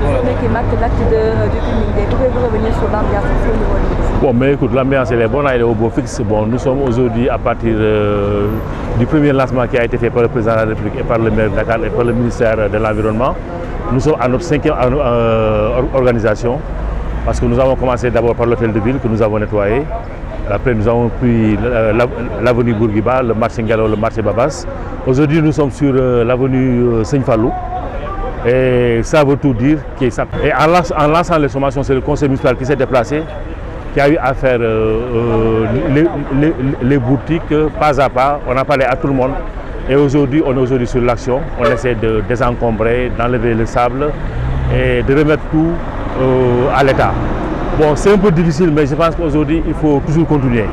c'est le sommet qui marque l'acte euh, du comité. Pouvez-vous revenir mais écoute, l'ambiance elle est Bon, nous sommes aujourd'hui à partir euh, du premier lancement qui a été fait par le président de la République et par le maire Dakar et par le ministère de l'Environnement. Nous sommes à notre cinquième euh, organisation parce que nous avons commencé d'abord par l'hôtel de ville que nous avons nettoyé. Après, nous avons pris euh, l'avenue Bourguiba, le marché Ngalo, le marché Babas. Aujourd'hui, nous sommes sur l'avenue Seigne Fallou. Et veut tout dire. Et en lançant les sommations, c'est le conseil municipal qui s'est déplacé, qui a eu à faire euh, euh, les, les, les, boutiques pas à pas. On a parlé à tout le monde. Et aujourd'hui, on est aujourd'hui sur l'action. On essaie de désencombrer, d'enlever le sable et de remettre tout euh, à l'état. Bon, c'est un peu difficile, mais je pense qu'aujourd'hui, il faut toujours continuer.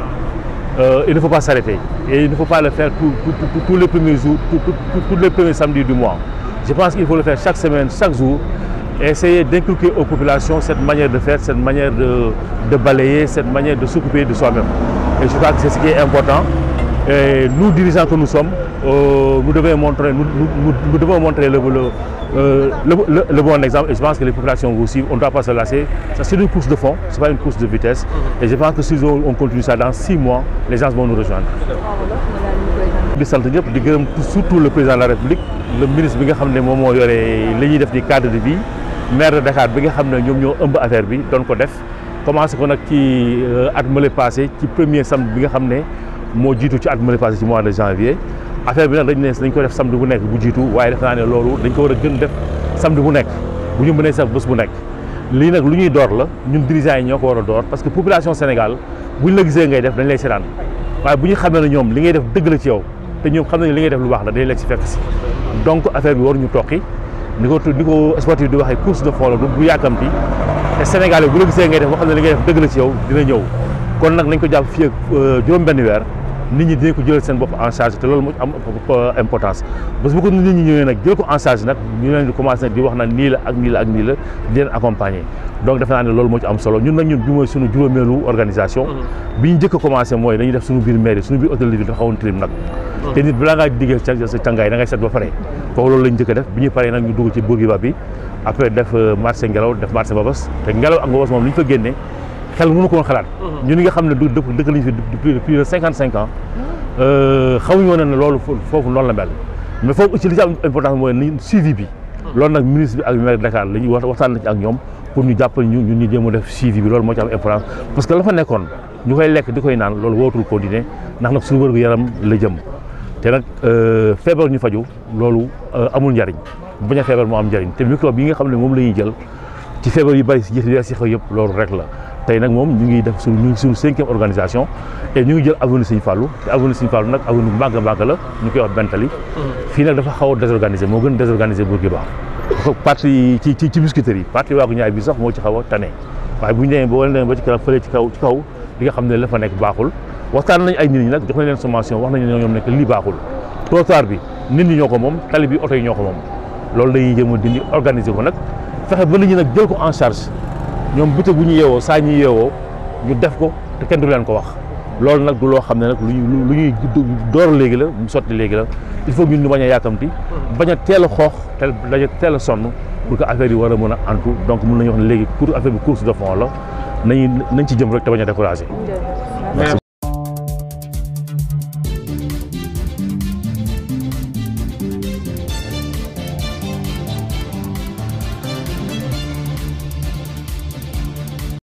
Euh, il ne faut pas s'arrêter. Et il ne faut pas le faire tous les premiers jours, tous les premiers Je pense qu'il faut le faire chaque semaine, chaque jour, essayer d'inculquer aux populations cette manière de faire, cette manière de, de balayer, cette manière de s'occuper de soi-même. Et je crois que c'est ce qui est important. Et nous, dirigeants que nous sommes, euh, nous, devons montrer, nous, nous, nous devons montrer le, le, euh, le, bon exemple. Et je pense que les populations vous On ne doit pas se lasser. C'est une course de fond, ce pas une course de vitesse. Et je pense que si on continue ça dans di sant ñëpp di gërëm surtout le président de la république le ministre bi nga xam ne moom moo yore li ñuy def di cadre bi maire de Dakar bi nga xam ne ñoom ñoo ëmb affaire bi doon ko def commencé ko nag ci euh, at mële passé ci premier samedi bi nga xam ne moo jiitu ci at mële passé ci mois de janvier affaire bi nag dañ ko def samedi bu nekk bu jiitu waaye def naa ne loolu dañ ko war a gën def samedi bu nekk bu ñu mënee sax bés bu nekk lii nag lu ñuy door la ñun dirigeants yi ñoo ko war a parce que population Sénégal buñ la ngay def dañ lay seetaan waaye bu ñu xamee ne ñoom li ngay def dëgg ci yow te ñoom xam nañu li ngay def lu baax la day lekk si fekk si donc affaire bi waruñu tokki ni ko ni ko sportif di waxee course de fond la du yàkkamti te Sénégal bu la gisee ngay def boo xam ne li ngay def dëgg la ci yow dina ñëw kon nag nañ ko jàpp fii ak euh, juróom-benn weer nit ñi dinañ ko jëlal seen bopp en charge te loolu moo am importance parce que bu ko nit ñi ñëwee nag jël ko en nag ñu leen di commencé nag di wax ak nii la ak nii la leen accompagner donc defe naa ne loolu moo ci am mooy organisation mm-hmm. bi ñu njëkk a mooy dañuy def suñu biir mairie suñu biir hôtel de ville dafa xawoon tilim nag mm-hmm. te diggee sa càngaay da set ba pare foofu loolu lañ njëkk a def bi ñu paree nag ñu dugg ci Bourguiba bi après def euh, marché ngelaw def marché Babas xel mënu ko woon xalaat. Mhm. ñun ñi nga xam ne du dëkk lañu fi depuis plus de cinquante cinq ans euh, xamuñu woon loolu foofu noonu la mel mais foofu aussi li ci am importance mooy ni suivi bi. Mhm. loolu nag ministre bi ak maire Dakar la ñuy waxtaan na ci ak ñoom pour ñu jàppale ñu ñun ñu jéem a def suivi bi loolu moo ci am importance parce que la fa nekkoon ñu koy lekk di koy naan loolu wootul continuer ndax nag suñu wërgu yaram la jëm te nag euh, feebar ñu faju loolu euh, amul njariñ bañ a feebar moo am njariñ te microbe yi nga xam ne moom la ñuy jël ci feebar yu bari si jëf yi yëpp loolu rek la tey nag moom ñu ngi def avenue Serigne Fallou te avenue Serigne Fallou nag avenue bu màgg a la ñu koy wax Bentali mm-hmm. fii nag dafa xaw a désorganisé moo gën désorganisé a tane waaye bu ñu demee boo ci kaw ci xam ne la fa nekk baaxul waxtaan nañ ay nit ñi nag jox nañ leen sommation wax nañ ne ñoom nekk lii baaxul trottoir bi nit ñoo ko moom tali bi oto yi ñoo ko moom loolu dañuy jéem a jël ko en charge ñoom bëtë bu ñu yeewoo saa ñu yeewoo ñu def ko te kenn du leen ko wax loolu nag du loo xam ne nag lu ñuy lu ñuy door léegi la mu sotti léegi la il faut ñu ñu bañ a yàkkamti bañ a teel a xoox teel dañu teel a sonn pour que affaire yi war a mën a antu donc mun nañu wax ne léegi pour affaire bi course de fond la nañu nañ ci jëm rek te bañ a découragé